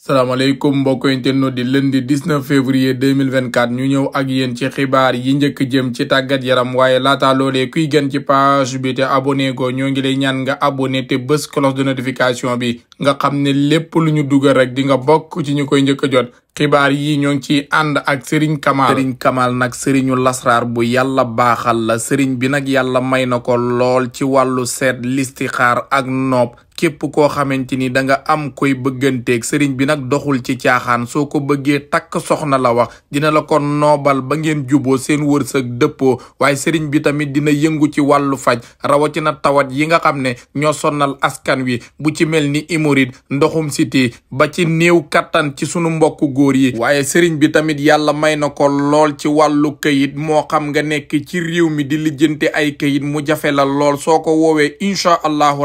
salaamaaleykum mbokk internet di lundi 19 février 2024 ñu ñëw ak yéen ci xibaar yi njëkk jëm ci tàggat yaram waaye laata loolee kuy gën ci page bi te abonné ko ñoo ngi lay ñaan nga abonné te bés cloche de notification bi nga xam ne lépp lu ñu dugal rek di nga bokk ci ñu koy njëkk jot xibaar yi ñoo ngi ciy ànd ak Serigne Kamal Serigne Kamal nag Serigne lasraar bu yàlla baaxal la Serigne bi nag yàlla may na ko lool ci wàllu seet listixaar ak nopp képp koo xamante ni da nga am koy bëgganteeg sëriñ bi nag doxul ci caaxaan soo ko bëggee takk soxna la wax dina la ko noobal ba ngeen juboo seen wërsëg dëppoo waaye sëriñ bi tamit dina yëngu ci wàllu faj rawatina tawat yi nga xam ne ñoo sonnal askan wi bu ci mel ni imorid ndoxum siti ba ci niw kattan ci sunu mbokku góor yi waaye sëriñ bi tamit yàlla may na ko lool ci wàllu kayit moo xam nga nekk ci réew mi di lijjanti ay kayit mu jafe la lool soo ko woowee incha allahu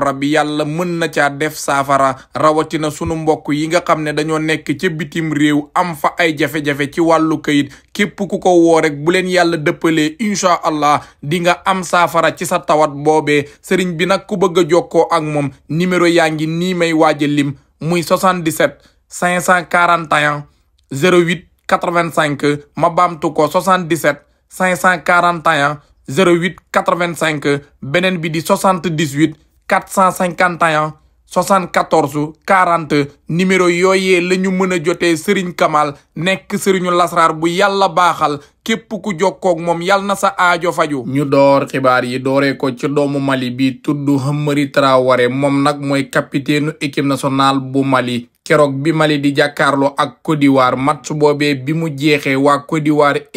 na caa def saafara rawatina sunu mbokk yi nga xam ne dañoo nekk ca bitim réew am fa ay jafe-jafe ci wàllu kayit képp ku ko woo rek bu leen yàlla dëppalee incha allah di nga am saafara ci sa tawat boobee sëriñ bi nag ku bëgg a jokkoo ak moom numéro yaa ngi nii may waaj a lim muy 77 541 08 85 ma baamtu ko 77 541 08 85 beneen bi di 78. quatre cent cinquante et un soixante-quatorze numéro yooyee la ñu mën a jotee Serigne Kamal nekk Serigne Lasrar bu yàlla baaxal képp ku jokkoog moom yal na sa aajo faju ñu door xibaar yi dooree ko ci doomu Mali bi tudd Amari Traoré moom nag mooy capitaine équipe nationale bu Mali keroog bi Mali di jàkkaarloo ak codiwar d'Ivoire match boobee bi mu jeexee waa Côte d'Ivoire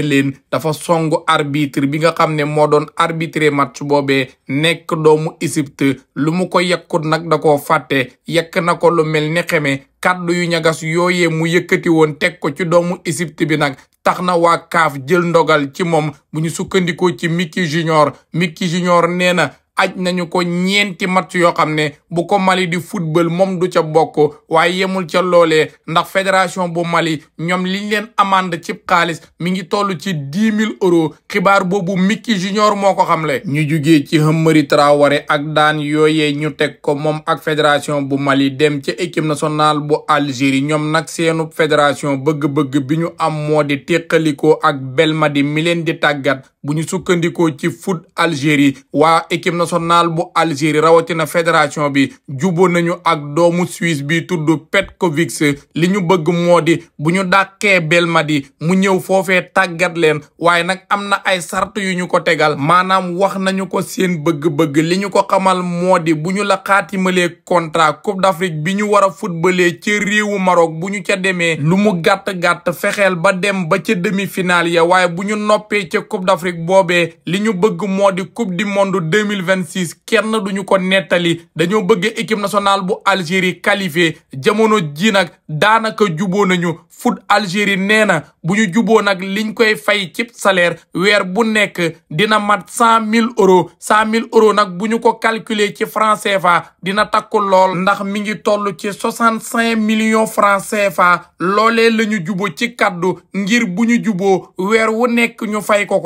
leen dafa songu arbitre bi nga xam ne moo doon arbitré match boobee nekk doomu Égypte lu mu ko yekkut nag da koo fàtte yekk na ko lu mel ni xeme kàddu yu ñagas yooyee mu yëkkati woon teg ko ci doomu Égypte bi nag tax na waa CAF jël ndogal ci moom bu ñu sukkandikoo ci Mickey Junior Mickey Junior nee na aj nañu ko ñeenti match yoo xam ne bu ko Mali di football moom du ca bokk waaye yemul ca loolee ndax fédération bu Mali ñoom liñ leen amande cib kaalis mi ngi toll ci dix mille euros xibaar boobu Mickey Junior moo ko le ñu jugee ci Hambry Traoré ak daan yooyee ñu teg ko moom ak fédération bu Mali dem ci équipe national bu Algérie ñoom nag seenu fédération bëgg-bëgg bi ñu am moo di teqalikoo ak Belmadi mi leen di tàggat. bu ñu sukkandikoo ci foot Algérie waa équipe nationale bu Algérie rawatina fédération bi juboo nañu ak doomu Suisse bi tudd Petkovic li ñu bëgg moo di bu ñu dàqee Belmadi mu ñëw foofee tàggat leen waaye nag am na ay sart yu ñu ko tegal maanaam wax nañu ko seen bëgg-bëgg li ñu ko xamal moo di bu ñu la xaatimalee contrat Coupe d'Afrique bi ñu war a footballee ci réewu Maroc bu ñu ca demee lu mu gàtt-gàtt fexeel ba dem ba ca demi-finale ya waaye bu ñu noppee ca Coupe afrique boobee li ñu bëgg moo di coupe du monde 2026 kenn duñu ko nettali dañoo bëgg équipe nationale bu algérie qualifié jamono ji nag daanaka juboo nañu foot algérie nee na bu ñu juboo nag liñ koy fay cib salaire weer bu nekk dina mat cent mille euro cent mille euro nag bu ñu ko calculer ci francais CFA dina takku lool ndax mi ngi toll ci soixante cinq millions franc CFA loole la ñu juboo ci kaddu ngir bu ñu juboo weer wu nekk ñu fay ko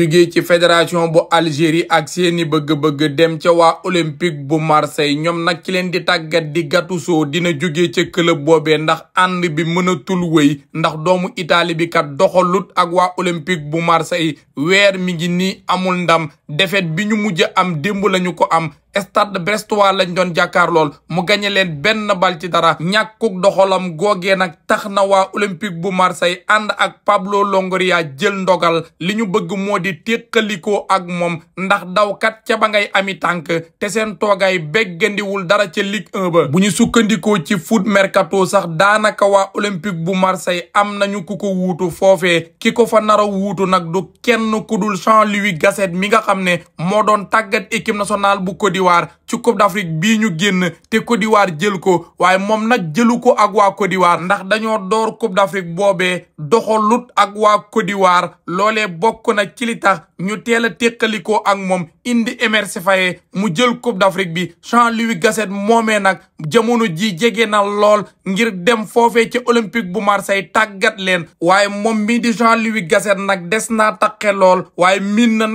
jógee ci fédération bu Algérie ak seeni bëgg-bëgg dem ca waa olympique bu Marseille ñoom nag ki leen di tàggat di Gattuso dina jógee ca club boobee ndax ànd bi mënatul wéy ndax doomu Italie bi kat doxalut ak waa olympique bu Marseille weer mi ngi nii amul ndam defet bi ñu mujj am démb lañu ko am stade brestois lañ doon jàkkaar lool mu gañe leen benn bal ci dara ñàkkuk doxalam googee nag tax na waa olympique bu marseille ànd ak pablo longoria jël ndogal li ñu bëgg moo di téqalikoo ak moom ndax dawkat kat ba ngay ami tànk te seen toogaay béggandiwul dara ci ligue 1 bu ñu sukkandikoo ci foot mercato sax daanaka wa olympique bu marseille am nañu ku ko wuutu foofee ki ko fa nara wuutu nag du kenn ku dul Jean-Louis Gasset mi nga xam ne moo doon tàggat équipe nationale d'Ivoire ci d'Afrique bii ñu génn te Côte d'Ivoire jël ko waaye moom nag jëlu ko ak waa Côte ndax dañoo door Coupe d'Afrique boobee doxalut ak waa Côte d'Ivoire loolee bokk na ci li tax ñu teel a téqalikoo ak moom indi Emerse Faé mu jël Coupe d'Afrique bi Jean-Louis Gasset moomee nag jamono ji jege na lool ngir dem foofee ci Olympique bu Marseille tàggat leen waaye moom mii di Jean-Louis Gasset nag des naa taqe lool waaye min na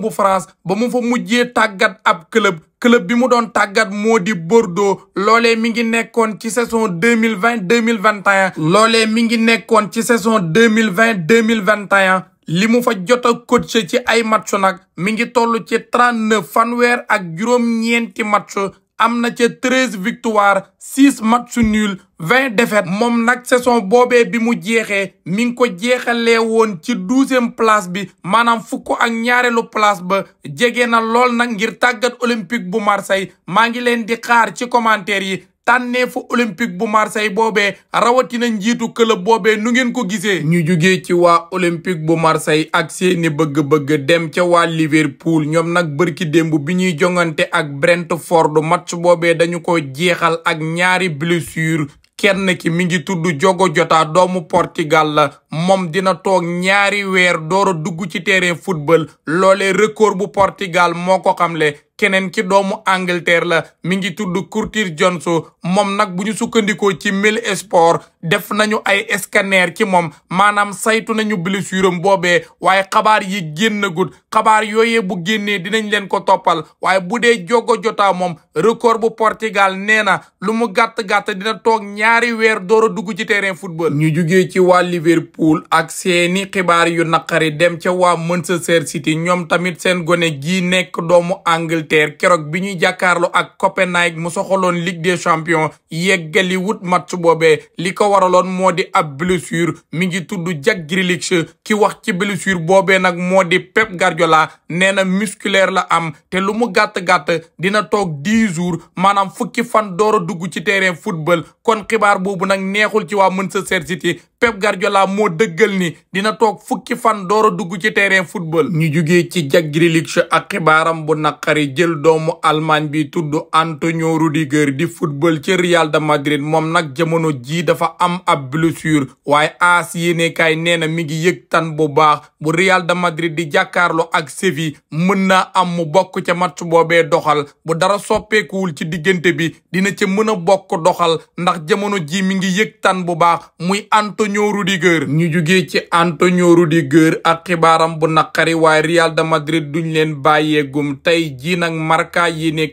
bu France ba mu fa mujjee tàggat ab club club bi mu doon tàggat moo di Bordeaux loolee mi ngi nekkoon ci saison deux mille vingt deux mille vingt et loole mi ngi nekkoon ci saison deux mille vingt deux mille vingt et un li mu fa jot a ci ay match nag mi ngi toll ci trente neuf fanweer ak juróom-ñeenti match am na ca treize victoire six match nul vingt défaite moom nag saison boobee bi mu jeexee mi ngi ko jeexalee woon ci douzième place bi maanaam fukk ak ñaareelu place ba jege na lool nag ngir tàggat olympique bu Marseille maa ngi leen di xaar ci commentaire yi tànneefu olympique bu marseille boobee rawatina njiitu club boobe nu ngeen ko gisee. ñu jugee ci waa olympique bu marseille ak seeni bëgg-bëgg dem ca waa liverpool ñoom nag bërki démb bi ñuy jongante ak brentford match boobee dañu ko jeexal ak ñaari blessure kenn ki mi ngi tudd jogo jota doomu portugal la. moom dina toog ñaari weer door a dugg ci terrain football loole record bu Portugal moo ko le keneen ki doomu Angleterre la mi ngi tudd Curtis Jones moom nag bu ñu sukkandikoo ci mill Sport def nañu ay scanner ci moom maanaam saytu nañu blessure am boobee waaye xabaar yi génnagul xabaar yooyee bu génnee dinañ leen ko toppal waaye bu dee jogo jota moom record bu Portugal nee na lu mu gàtt gàtt dina toog ñaari weer door a dugg ci terrain football. ñu jugee ci waa Liverpool. Liverpool ak seeni xibaar yu naqari dem ca waa Manchester City ñoom tamit seen gone gi nekk doomu Angleterre keroog bi ñuy jàkkaarloo ak Copenhague mu soxaloon Ligue des Champions yeggali wut match boobee li ko waraloon moo di ab blessure mi ngi tudd Jack Grealish ki wax ci blessure boobee nag moo di Pep garjola nee na musculaire la am te lu mu gàtt-gàtt dina toog dix jours maanaam fukki fan door a dugg ci terrain football kon xibaar boobu nag neexul ci waa Manchester City Pep Guardiola moo dëggal ni dina toog fukki fan door dugg ci terrain football. ñu jugee ci Jack Grealish ak xibaaram bu naqari jël doomu Allemagne bi tudd Antonio Rudiger di football ci Real de Madrid moom nag jamono jii dafa am ab blessure waaye AS yéenekaay nee na mi ngi yëg tan bu baax bu Real de Madrid di jàkkaarloo ak Séville mën naa am mu bokk ca match boobee doxal bu dara soppeekuwul ci diggante bi dina ci mën a bokk doxal ndax jamono jii mi ngi yëg tan bu baax muy Antonio Rudiger. ñu jugee ci Antonio Rudiger ak xibaaram bu naqari waaye Real de Madrid duñ leen bàyyeegum tey jii nag Marca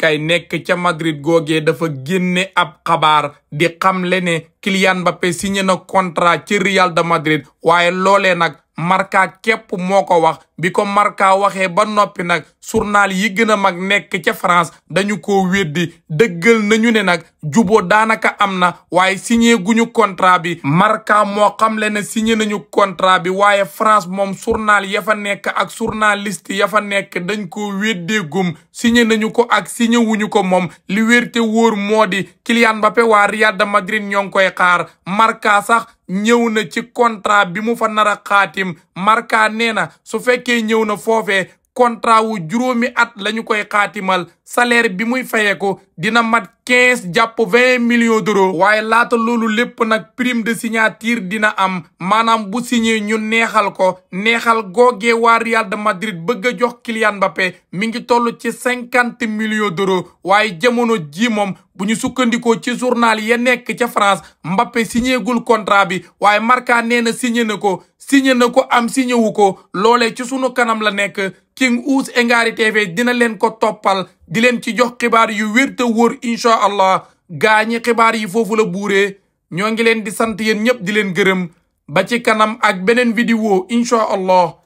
kay nekk ca Madrid googee dafa génne ab xabaar di xam xamle ne Kylian Mbappé signé na contrat ci Real de Madrid waaye loolee nag Marca képp moo ko wax bi ko marka waxee ba noppi nag surnal yi gën a mag nekk ca France dañu ko weddi dëggal nañu ne nag juboo daanaka am na waaye signé guñu contrat bi Marca moo xamle ne signé nañu contrat bi waaye France moom journal ya fa nekk ak journaliste ya fa nekk dañ ko weddeegum signé nañu ko ak signé wuñu ko moom li wérte wóor moo di Kylian Mbappé waa Real de Madrid ñoo ngi koy sax ñëw na ci contrat bi mu fa nar a xaatim Marca nee na su fekkee ñëw na foofee contrat wu juróomi at la ñu koy xaatimal salaire bi muy fayeeku dina mat quinze jàpp vingt millions d'euros waaye laata loolu lépp nag prime de signature dina am maanaam bu signé ñu neexal ko neexal googee waa Real de Madrid bëgg a jox Kylian Mbappé mi ngi toll ci cinquante millions d'euros waaye jamono ji moom bu ñu sukkandikoo ci journal ye nekk ca France Mbappé signéegul contrat bi waaye marka nee na signé na ko signé na ko am signé wu ko loole ci sunu kanam la nekk King Ouse Ngary TV dina leen ko toppal di leen ci jox xibaar yu wér te wóor incha allah gaañi xibaar yi foofu la buuree ñoo ngi leen di sant yéen ñëpp di leen gërëm ba ci kanam ak beneen vidéo incha allah